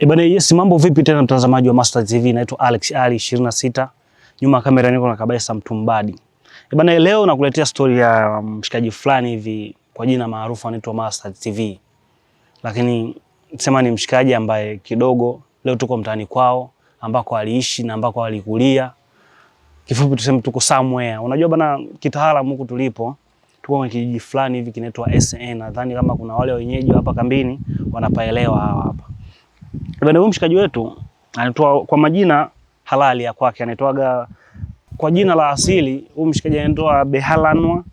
E eh, bana, yes, mambo vipi tena mtazamaji wa Master TV, naitwa Alex Ali 26. Nyuma ya kamera niko na kabisa Mtumbadi. E eh, bana, leo nakuletea story ya um, mshikaji fulani hivi kwa jina maarufu anaitwa Master TV. Lakini sema ni mshikaji ambaye kidogo leo tuko mtaani kwao ambako aliishi na ambako alikulia. Kifupi tuseme tuko somewhere. Unajua bana, kitaalamu huku tulipo tuko kwenye kijiji fulani hivi kinaitwa SN. Nadhani kama kuna wale wenyeji hapa kambini wanapaelewa hapa. Bwana huyu mshikaji wetu anatoa kwa majina halali ya kwake, anaitwaga kwa jina la asili. Huyu mshikaji anaitwa Behalanwa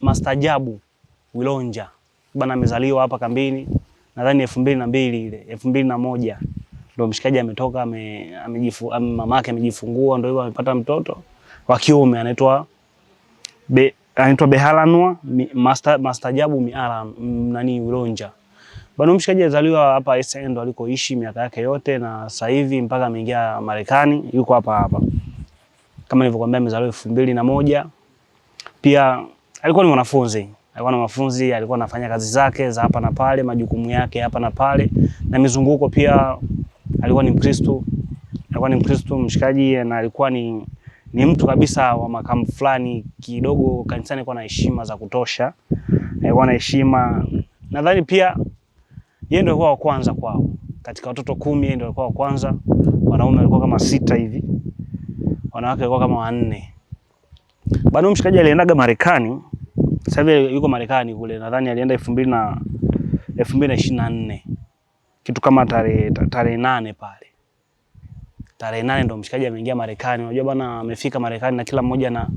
Mastajabu Wilonja. Bwana amezaliwa hapa kambini nadhani elfu mbili na mbili ile elfu mbili na moja ndo mshikaji ametoka ame, amejifu, ame mama yake amejifungua ndo hivyo amepata mtoto wa kiume anaitwa be, anaitwa Behalanwa Mastajabu Miala nani Wilonja. Bwana Mshikaji alizaliwa hapa Esendo alikoishi miaka yake yote, na sasa hivi mpaka ameingia Marekani yuko hapa hapa. Kama nilivyokuambia, amezaliwa elfu mbili na moja. Pia alikuwa ni mwanafunzi, alikuwa na mafunzi, alikuwa anafanya kazi zake za hapa na pale, majukumu yake hapa na pale na mizunguko. Pia alikuwa ni Mkristo, alikuwa ni Mkristo Mshikaji, na alikuwa ni ni mtu kabisa wa makamu fulani kidogo kanisani, alikuwa na heshima za kutosha, alikuwa na heshima nadhani pia yeye ndio alikuwa wa kwanza kwao. Katika watoto kumi yeye ndio alikuwa wa kwanza. Wanaume walikuwa kama sita hivi. Wanawake walikuwa kama wanne. Bado mshikaji aliendaga Marekani. Sasa hivi yuko Marekani kule, nadhani alienda 2000 na 2024. Kitu kama tarehe tarehe nane pale. Tarehe nane ndo mshikaji ameingia Marekani. Unajua bana, amefika Marekani na kila mmoja na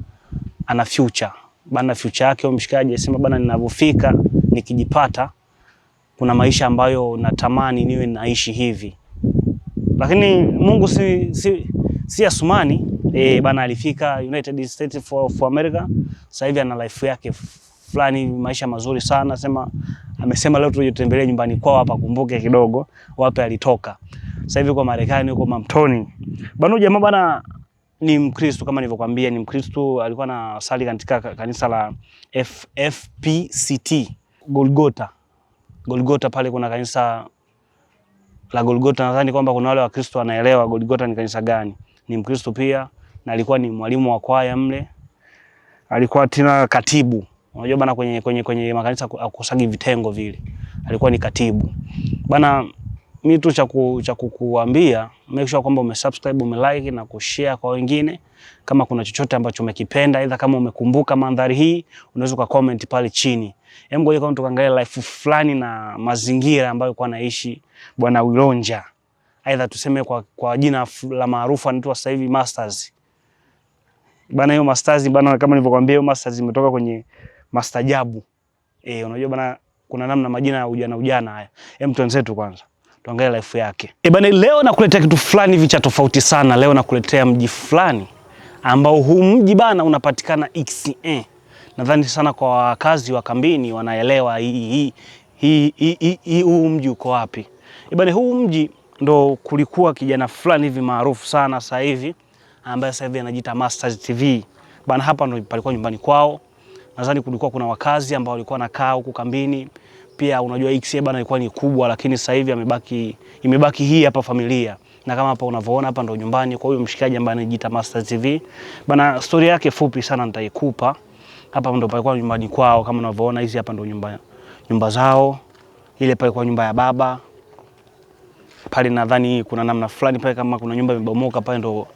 ana future. Bana future yake huyo mshikaji asema bana, ninavyofika nikijipata kuna maisha ambayo natamani niwe naishi hivi, lakini Mungu si, si, si Asumani e, bana alifika United States for, for America, sasa hivi ana life yake fulani, maisha mazuri sana sema amesema leo tujotembelee nyumbani kwao hapa, kumbuke kidogo wapi alitoka. Sasa hivi kwa Marekani huko Mamtoni. bana, jamaa bana ni Mkristo kama nilivyokuambia, ni Mkristo alikuwa na sali katika kanisa la FFPCT Golgota Golgota pale kuna kanisa la Golgota. Nadhani kwamba kuna wale Wakristo wanaelewa Golgota ni kanisa gani. Ni Mkristo pia na alikuwa ni mwalimu wa kwaya mle, alikuwa tena katibu. Unajua bana, kwenye, kwenye, kwenye makanisa akusagi vitengo vile, alikuwa ni katibu bana mi tu cha kukuambia make sure kwamba umesubscribe, umelike na kushare kwa wengine. Kama kuna chochote ambacho umekipenda, aidha kama umekumbuka mandhari hii, unaweza uka comment pale chini. Hebu ngoja kama tukaangalia life fulani na mazingira ambayo kwa naishi bwana Wilonja, aidha tuseme kwa, kwa jina la maarufu anaitwa sasa hivi Masters bana. Hiyo Masters bana, kama nilivyokuambia, hiyo Masters imetoka kwenye Masterjabu. Eh, unajua bana, kuna namna majina ya ujana ujana haya. Hem, tuanze tu kwanza tuangalie life yake. E bana, leo nakuletea kitu fulani hivi cha tofauti sana. Leo nakuletea mji fulani ambao huu mji bana unapatikana XA. Nadhani sana kwa wakazi wa kambini wanaelewa hii hii hii huu mji uko wapi. E bana, huu mji ndo kulikuwa kijana fulani hivi maarufu sana sasa hivi ambaye sasa hivi anajiita Masters TV. Bana, hapa ndo palikuwa nyumbani kwao. Nadhani kulikuwa kuna wakazi ambao walikuwa nakaa huku kambini pia unajua hii eh, bana ilikuwa ni kubwa, lakini sasa hivi amebaki imebaki hii hapa familia na kama hapa unavyoona hapa ndo nyumbani kwa huyo mshikaji ambaye anajiita Master TV. Bana, story yake fupi sana nitaikupa. Hapa ndo palikuwa nyumbani kwao kama unavyoona, hizi hapa ndo nyumba nyumba zao. Ile pale kwa nyumba ya baba. Pale nadhani kuna namna fulani pale kama kuna nyumba imebomoka pale ndo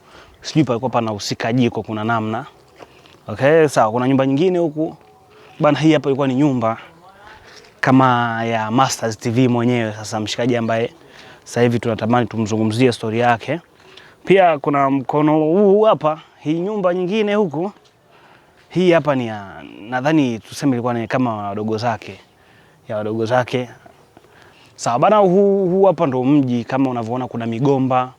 sijui palikuwa pana usika jiko kuna namna. Okay, sawa kuna nyumba nyingine huku. Bana, hii hapa ilikuwa ni nyumba kama ya Mastaz TV mwenyewe. Sasa mshikaji ambaye sasa hivi tunatamani tumzungumzie stori yake. Pia kuna mkono huu hapa, hii nyumba nyingine huku, hii hapa ni nadhani tuseme ilikuwa ni kama wadogo zake ya wadogo zake. Sawa bana, huu huu hapa ndo mji kama unavyoona, kuna migomba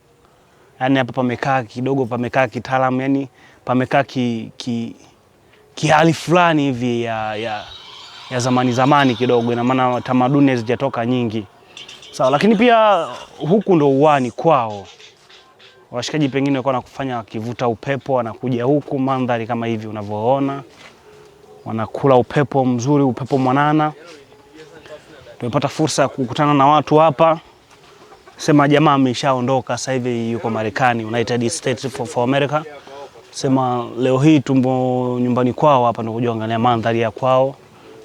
yani hapa pamekaa kidogo, pamekaa kitaalamu, yani pamekaa ki, ki, ki hali fulani hivi ya, ya ya zamani zamani kidogo, ina maana tamaduni hazijatoka nyingi. Sawa, lakini pia huku ndo uwani kwao washikaji, pengine walikuwa nakufanya wakivuta upepo, wanakuja huku, mandhari kama hivi unavyoona, wanakula upepo mzuri, upepo mwanana. Tumepata fursa ya kukutana na watu hapa, sema jamaa ameshaondoka sasa hivi yuko Marekani, United States of America. Sema leo hii tumbo nyumbani kwao hapa, ndio kuja angalia mandhari ya kwao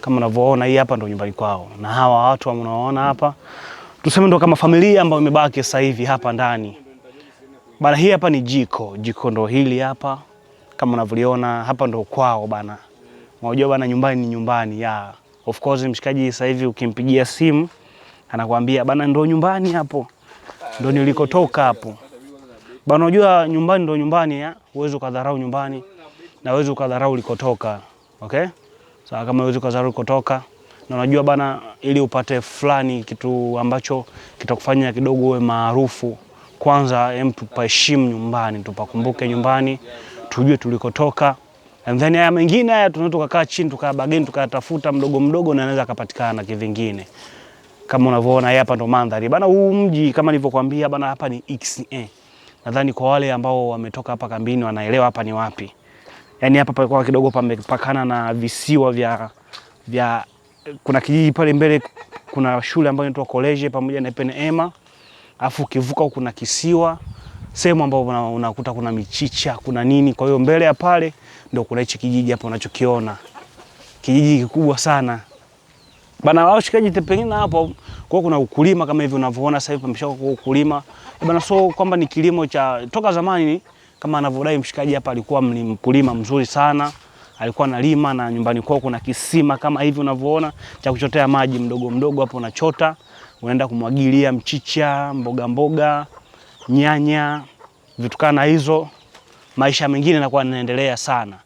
kama unavyoona hii hapa ndio nyumbani kwao, na hawa watu mnaoona hapa tuseme ndio kama familia ambayo imebaki sasa hivi hapa ndani bana. Hii hapa ni jiko, jiko ndo hili hapa kama unavyoona hapa ndo kwao bana. Unajua bana, nyumbani ni nyumbani ya. yeah. Of course mshikaji, sasa hivi ukimpigia simu anakuambia bana, ndo nyumbani hapo, ndo nilikotoka hapo bana. Unajua nyumbani ndo nyumbani ya, uweze ukadharau nyumbani na uweze ukadharau ulikotoka, okay. Sasa kama huwezi kuzuru kutoka na unajua bana, ili upate fulani kitu ambacho kitakufanya kidogo uwe maarufu, kwanza hem, tupaheshimu nyumbani, tupakumbuke nyumbani, tujue tulikotoka, and then haya mengine haya tunaweza tukakaa chini tukabageni tukatafuta mdogo mdogo, na anaweza akapatikana kivingine. Kama unavyoona hapa ndo mandhari bana, huu mji kama nilivyokuambia bana, hapa ni XA. Nadhani kwa wale ambao wametoka hapa kambini wanaelewa hapa ni wapi yani hapa palikuwa kidogo pamepakana na visiwa vya, vya kuna kijiji pale mbele, kuna shule ambayo inaitwa College pamoja na Penema, afu ukivuka kuna kisiwa sehemu ambayo unakuta una kuna michicha kuna nini. Kwa hiyo mbele ya pale ndio kuna hichi kijiji hapo unachokiona, kijiji kikubwa sana bana Wao shikaji tepengine hapo kwa kuna ukulima kama hivi unavyoona sasa hivi pameshakuwa ukulima bana, so kwamba ni kilimo cha toka zamani kama anavyodai mshikaji hapa, alikuwa ni mkulima mzuri sana, alikuwa analima na nyumbani kwao kuna kisima kama hivi unavyoona cha kuchotea maji mdogo mdogo, hapo unachota unaenda kumwagilia mchicha, mboga mboga, nyanya, vitu kana hizo. Maisha mengine yanakuwa yanaendelea sana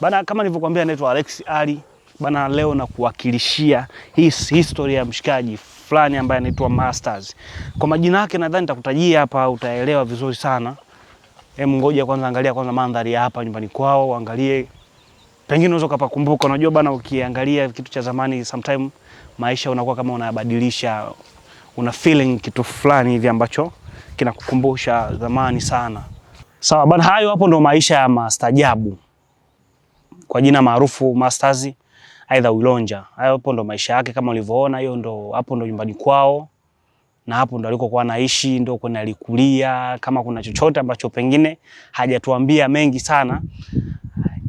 bana. Kama nilivyokuambia, naitwa Alex Ali bana, leo na kuwakilishia his history ya mshikaji fulani ambaye anaitwa Masters. Kwa majina yake nadhani nitakutajia hapa, utaelewa vizuri sana. Hem, ngoja kwanza, angalia kwanza mandhari ya hapa nyumbani kwao, angalie pengine unaweza ukapakumbuka. Unajua bana, ukiangalia kitu cha zamani sometime maisha unakuwa kama unabadilisha, una feeling kitu fulani hivi ambacho kinakukumbusha zamani sana. Sawa bana, hayo hapo ndo maisha ya mastajabu kwa jina maarufu Masters aidha Wilonja. Hayo hapo ndo maisha yake kama ulivyoona, hiyo ndo hapo ndo nyumbani kwao na hapo ndo alikokuwa anaishi, ndo kwenye alikulia. Kama kuna chochote ambacho pengine hajatuambia mengi sana,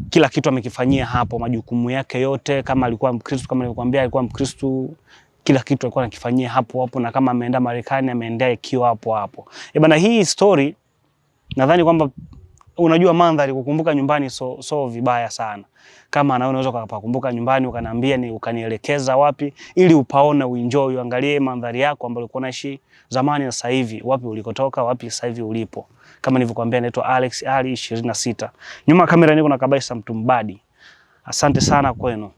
kila kitu amekifanyia hapo, majukumu yake yote. Kama alikuwa Mkristo, kama nilikwambia alikuwa Mkristo, kila kitu alikuwa anakifanyia hapo hapo, na kama ameenda Marekani, ameendea ikiwa hapo hapo. E bana, hii story nadhani kwamba unajua mandhari kukumbuka nyumbani so, so vibaya sana. Kama na unaweza kukumbuka nyumbani ukaniambia ni ukanielekeza wapi ili upaone uenjoy uangalie mandhari yako ambayo ulikuwa unaishi zamani na sasa hivi, wapi ulikotoka, wapi sasa hivi ulipo. Kama nilivyokuambia naitwa Alex Ali 26. Nyuma kamera niko na Kabaisa Mtumbadi. Asante sana kwenu.